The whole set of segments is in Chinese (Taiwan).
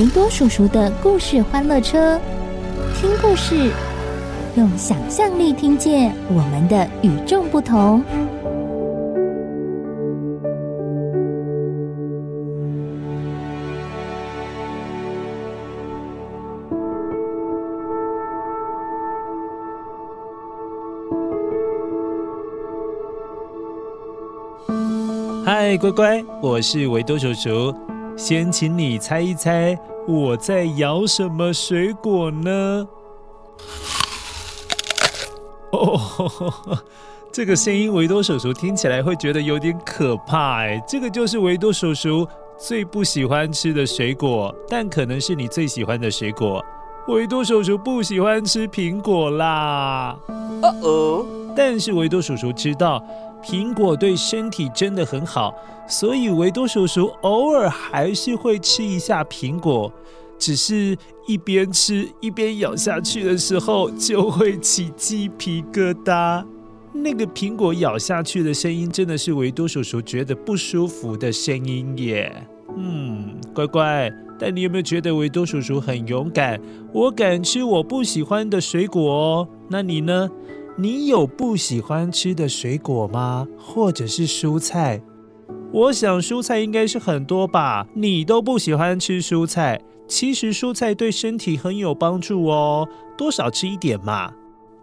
維多叔叔的故事歡樂車，聽故事，用想象力聽見我們的與眾不同。嗨，乖乖，我是維多叔叔，先請你猜一猜。我在咬什麼水果呢？哦、oh,，這個聲音維多叔叔聽起來會覺得有點可怕哎、欸。這個就是維多叔叔最不喜歡吃的水果，但可能是你最喜歡的水果。維多叔叔不喜歡吃蘋果啦，哦哦。但是維多叔叔知道。蘋果對身體真的很好，所以維多叔叔偶爾還是會吃一下蘋果，只是一邊吃一邊咬下去的時候就會起雞皮疙瘩。那個蘋果咬下去的聲音，真的是維多叔叔覺得不舒服的聲音耶。嗯，乖乖，但你有沒有覺得維多叔叔很勇敢？我敢吃我不喜歡的水果哦。那你呢？你有不喜歡吃的水果嗎？或者是蔬菜？我想蔬菜應該是很多吧，你都不喜歡吃蔬菜。其實蔬菜對身體很有幫助哦，多少吃一點嘛。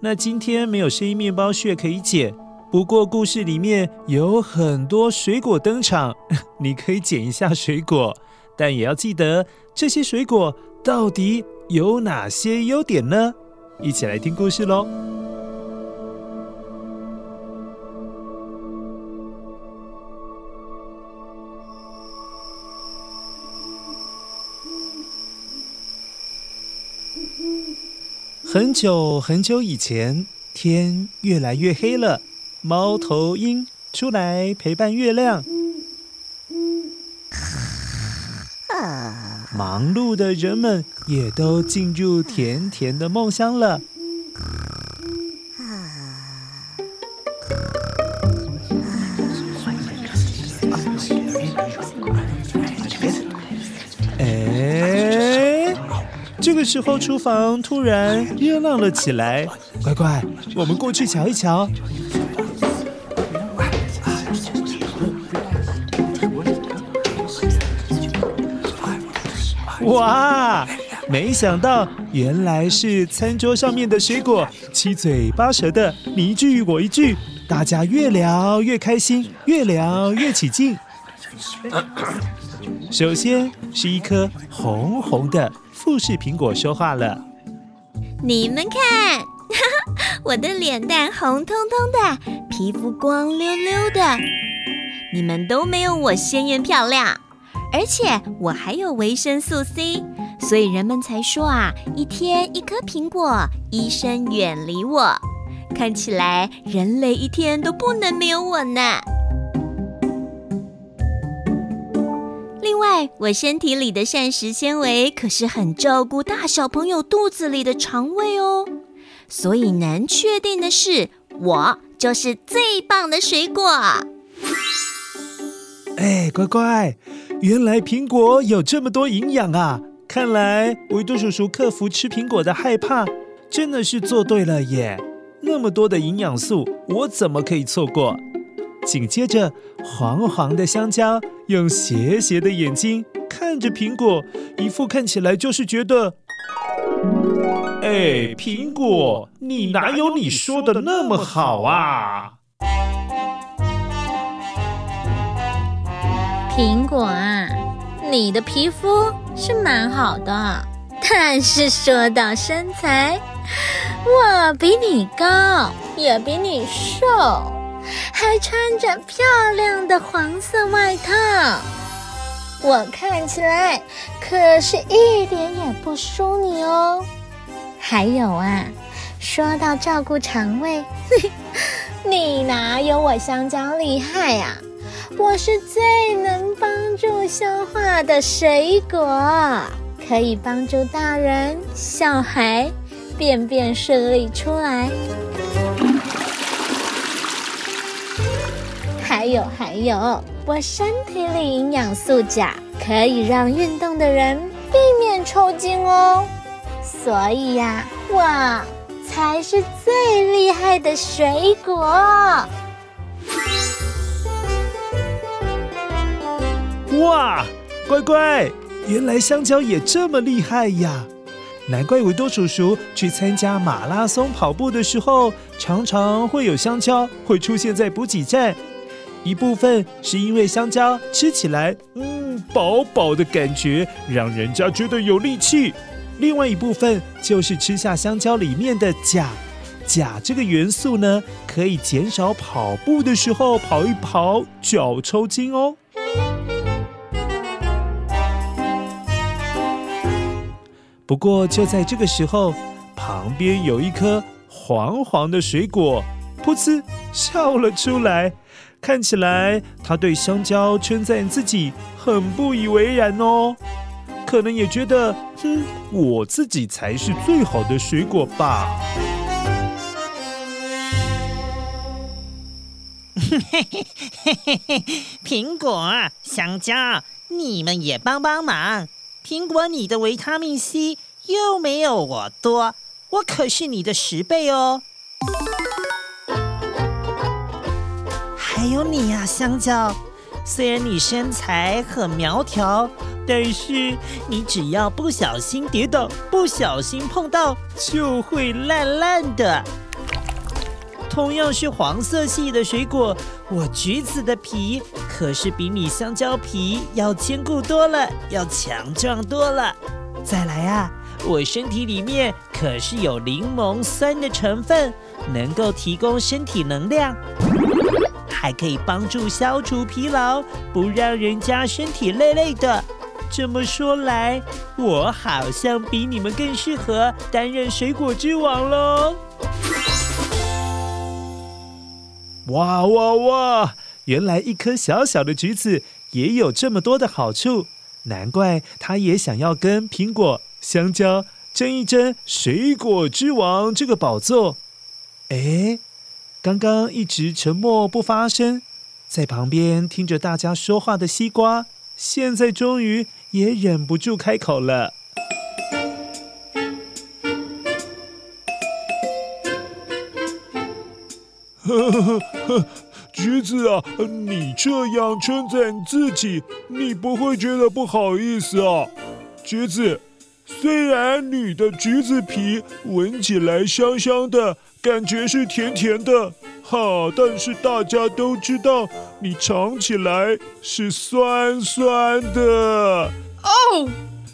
那今天沒有聲音麵包屑可以撿。不過故事裡面有很多水果登場，你可以撿一下水果，但也要記得這些水果到底有哪些優點呢？一起來聽故事嘍。很久很久以前，天越來越黑了，貓頭鷹出來陪伴月亮。忙碌的人們也都進入甜甜的夢鄉了。時候廚房突然熱鬧了起來，乖乖，我們過去瞧一瞧。哇！沒想到原來是餐桌上面的水果，七嘴八舌的，你一句我一句，大家越聊越開心，越聊越起勁。首先是一顆紅紅的。富士蘋果說話了：“你們看，哈哈，我的臉蛋紅彤彤的，皮膚光溜溜的，你們都沒有我鮮豔漂亮。而且我還有維生素 C，所以人們才說啊，一天一顆蘋果，醫生遠離我。看起來人類一天都不能沒有我呢。”我身體裡的膳食纖維可是很照顧大小朋友肚子裡的腸胃哦，所以難確定的是，我就是最棒的水果。哎，乖乖，原來蘋果有這麼多營養啊！看來維多叔叔克服吃蘋果的害怕，真的是做對了耶！那麼多的營養素，我怎麼可以錯過？緊接着，黃黃的香蕉用斜斜的眼睛看着蘋果，一副看起來就是覺得：“哎，蘋果，你哪有你說的那麼好啊？”蘋果啊，你的皮膚是蠻好的，但是說到身材，我比你高，也比你瘦。還穿着漂亮的黃色外套，我看起來可是一點也不輸你哦。還有啊，說到照顧腸胃，呵呵，你哪有我香蕉厲害呀、啊？我是最能幫助消化的水果，可以幫助大人小孩便便順利出來。還有還有，我身體裡營養素鉀可以讓運動的人避免抽筋哦。所以呀、啊，我才是最厲害的水果。哇，乖乖，原來香蕉也這麼厲害呀！難怪維多叔叔去參加馬拉松跑步的時候，常常會有香蕉會出現在補給站。一部分是因為香蕉吃起來，嗯，飽飽的感覺讓人家覺得有力氣。另外一部分就是吃下香蕉裡面的鉀，鉀這個元素呢，可以減少跑步的時候，跑一跑腳抽筋哦。不過就在這個時候，旁邊有一顆黃黃的水果，噗呲，笑了出來。看起來他對香蕉稱讚自己很不以為然哦，可能也覺得，哼，我自己才是最好的水果吧。嘿嘿嘿嘿嘿嘿，蘋果、香蕉，你們也幫幫忙。蘋果，你的維他命 C 又沒有我多，我可是你的十倍哦。還有你呀、啊，香蕉。雖然你身材很苗條，但是你只要不小心跌倒，不小心碰到，就會爛爛的。同樣是黃色系的水果，我橘子的皮可是比你香蕉皮要堅固多了，要強壯多了。再來啊，我身體裡面可是有檸檬酸的成分，能夠提供身體能量。還可以幫助消除疲勞，不讓人家身體累累的。這麼說來，我好像比你們更適合擔任水果之王嘍！哇哇哇！原來一顆小小的橘子也有這麼多的好處，難怪他也想要跟蘋果、香蕉爭一爭水果之王這個寶座。哎。剛剛一直沉默不發聲，在旁邊聽着大家說話的西瓜，現在終於也忍不住開口了。呵呵呵，橘子啊，你這樣稱讚自己，你不會覺得不好意思啊？橘子。雖然你的橘子皮聞起來香香的，感覺是甜甜的，哈，但是大家都知道你嘗起來是酸酸的。哦，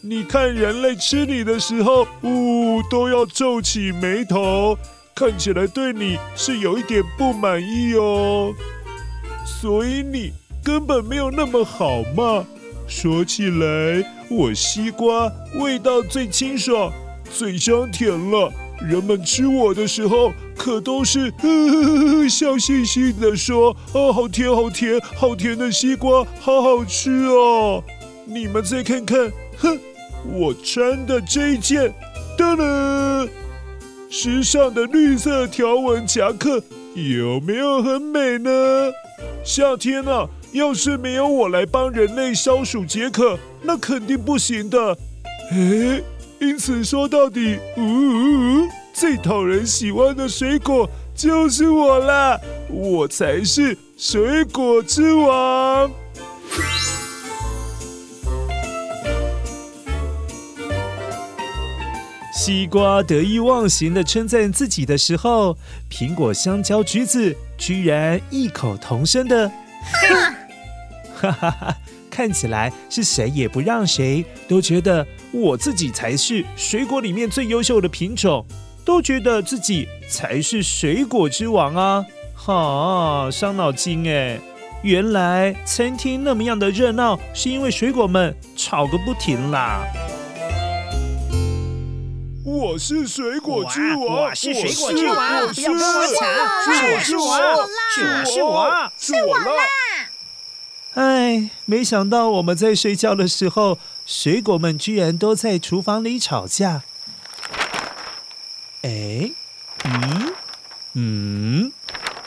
你看人類吃你的時候，嗚，都要皺起眉頭，看起來對你是有一點不滿意哦。所以你根本沒有那麼好嘛。說起來。我西瓜味道最清爽，最香甜了。人們吃我的時候，可都是呵呵呵呵笑嘻嘻的說：“哦，好甜，好甜，好甜的西瓜，好好吃哦！”你們再看看，哼，我穿的這件，噔噔，時尚的綠色條紋夾克，有沒有很美呢？夏天啊，要是沒有我來幫人類消暑解渴，那肯定不行的，哎，因此說到底，嗚嗚嗚，最、嗯嗯、討人喜歡的水果就是我啦，我才是水果之王。西瓜得意忘形的稱讚自己的時候，蘋果、香蕉、橘子居然異口同聲的，哈哈哈。看起來是誰也不讓誰，都覺得我自己才是水果裡面最優秀的品種，都覺得自己才是水果之王啊！好傷腦筋哎、欸！原來餐廳那麼樣的熱鬧，是因為水果們吵個不停啦！我是水果之王，我是水果之王，不要亂搶，是我是我是我是王，是我是我是我是王。是我哎，沒想到我們在睡覺的時候，水果們居然都在廚房裡吵架。哎，嗯，嗯，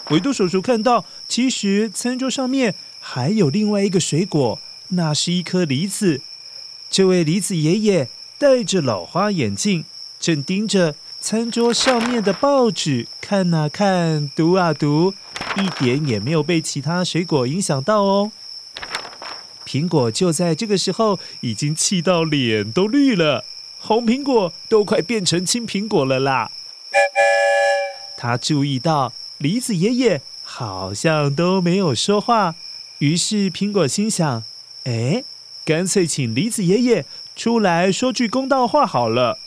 維多叔叔看到，其實餐桌上面還有另外一個水果，那是一顆梨子。這位梨子爺爺戴着老花眼鏡，正盯着餐桌上面的報紙看啊看，讀啊讀，一點也沒有被其他水果影響到哦。蘋果就在這個時候，已經氣到臉都綠了，紅蘋果都快變成青蘋果了啦。他注意到梨子爺爺好像都沒有說話，於是蘋果心想：誒，乾脆請梨子爺爺出來說句公道話好了。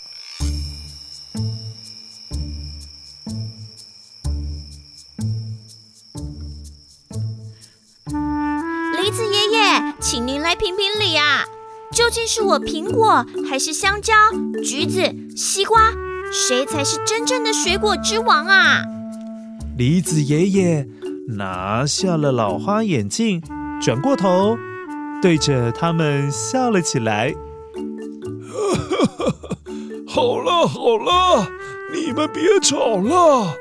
這是我蘋果還是香蕉、橘子、西瓜，誰才是真正的水果之王啊？梨子爺爺拿下了老花眼鏡，轉過頭，對着他們笑了起來。哈哈，好了好了，你們別吵了，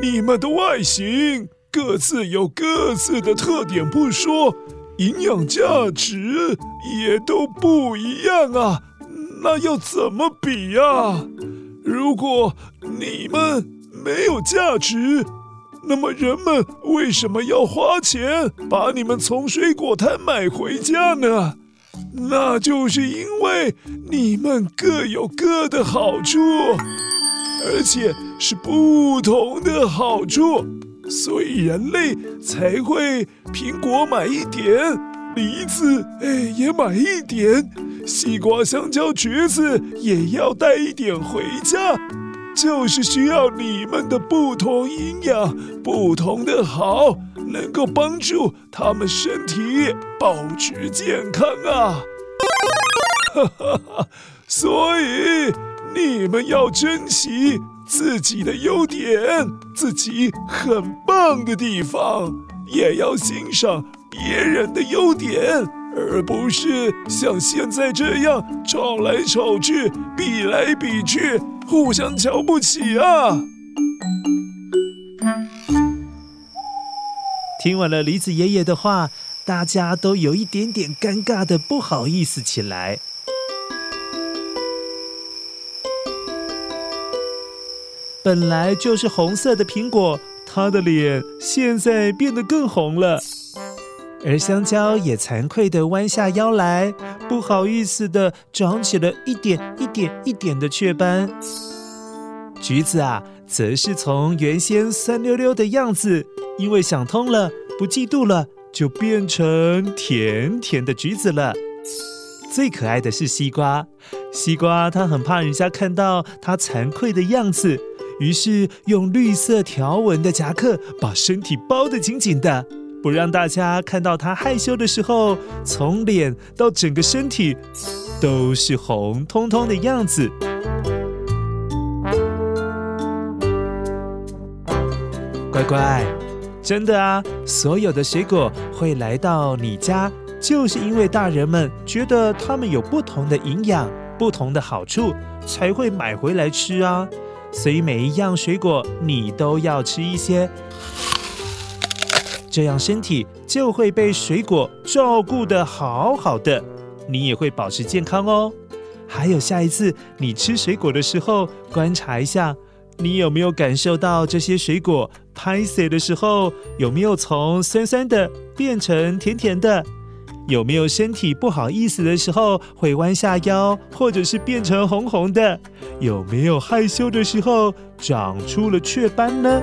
你們的外形各自有各自的特點，不說。營養價值也都不一樣啊，那要怎麼比啊？如果你們沒有價值，那麼人們為什麼要花錢把你們從水果攤買回家呢？那就是因為你們各有各的好處，而且是不同的好處。所以人類才會蘋果買一點，梨子哎也買一點，西瓜、香蕉、橘子也要帶一點回家，就是需要你們的不同營養，不同的好，能夠幫助他們身體保持健康啊！ 所以你們要珍惜。自己的優點，自己很棒的地方，也要欣賞別人的優點，而不是像現在這樣吵來吵去，比來比去，互相瞧不起啊！聽完了梨子爺爺的話，大家都有一點點尷尬的不好意思起來。本來就是紅色的蘋果，它的臉現在變得更紅了，而香蕉也慚愧地彎下腰來，不好意思地長起了一點一點一點的雀斑。橘子啊，則是從原先酸溜溜的樣子，因為想通了，不嫉妒了，就變成甜甜的橘子了。最可愛的是西瓜，西瓜它很怕人家看到它慚愧的樣子。於是用綠色條紋的夾克把身體包得緊緊的，不讓大家看到它害羞的時候，從臉到整個身體都是紅彤彤的樣子。乖乖，真的啊！所有的水果會來到你家，就是因為大人們覺得它們有不同的營養、不同的好處，才會買回來吃啊。所以每一樣水果你都要吃一些，這樣身體就會被水果照顧得好好的，你也會保持健康哦。還有下一次你吃水果的時候，觀察一下，你有沒有感受到這些水果拍碎的時候，有沒有從酸酸的變成甜甜的？有沒有身體不好意思的時候，會彎下腰，或者是變成紅紅的？有沒有害羞的時候，長出了雀斑呢？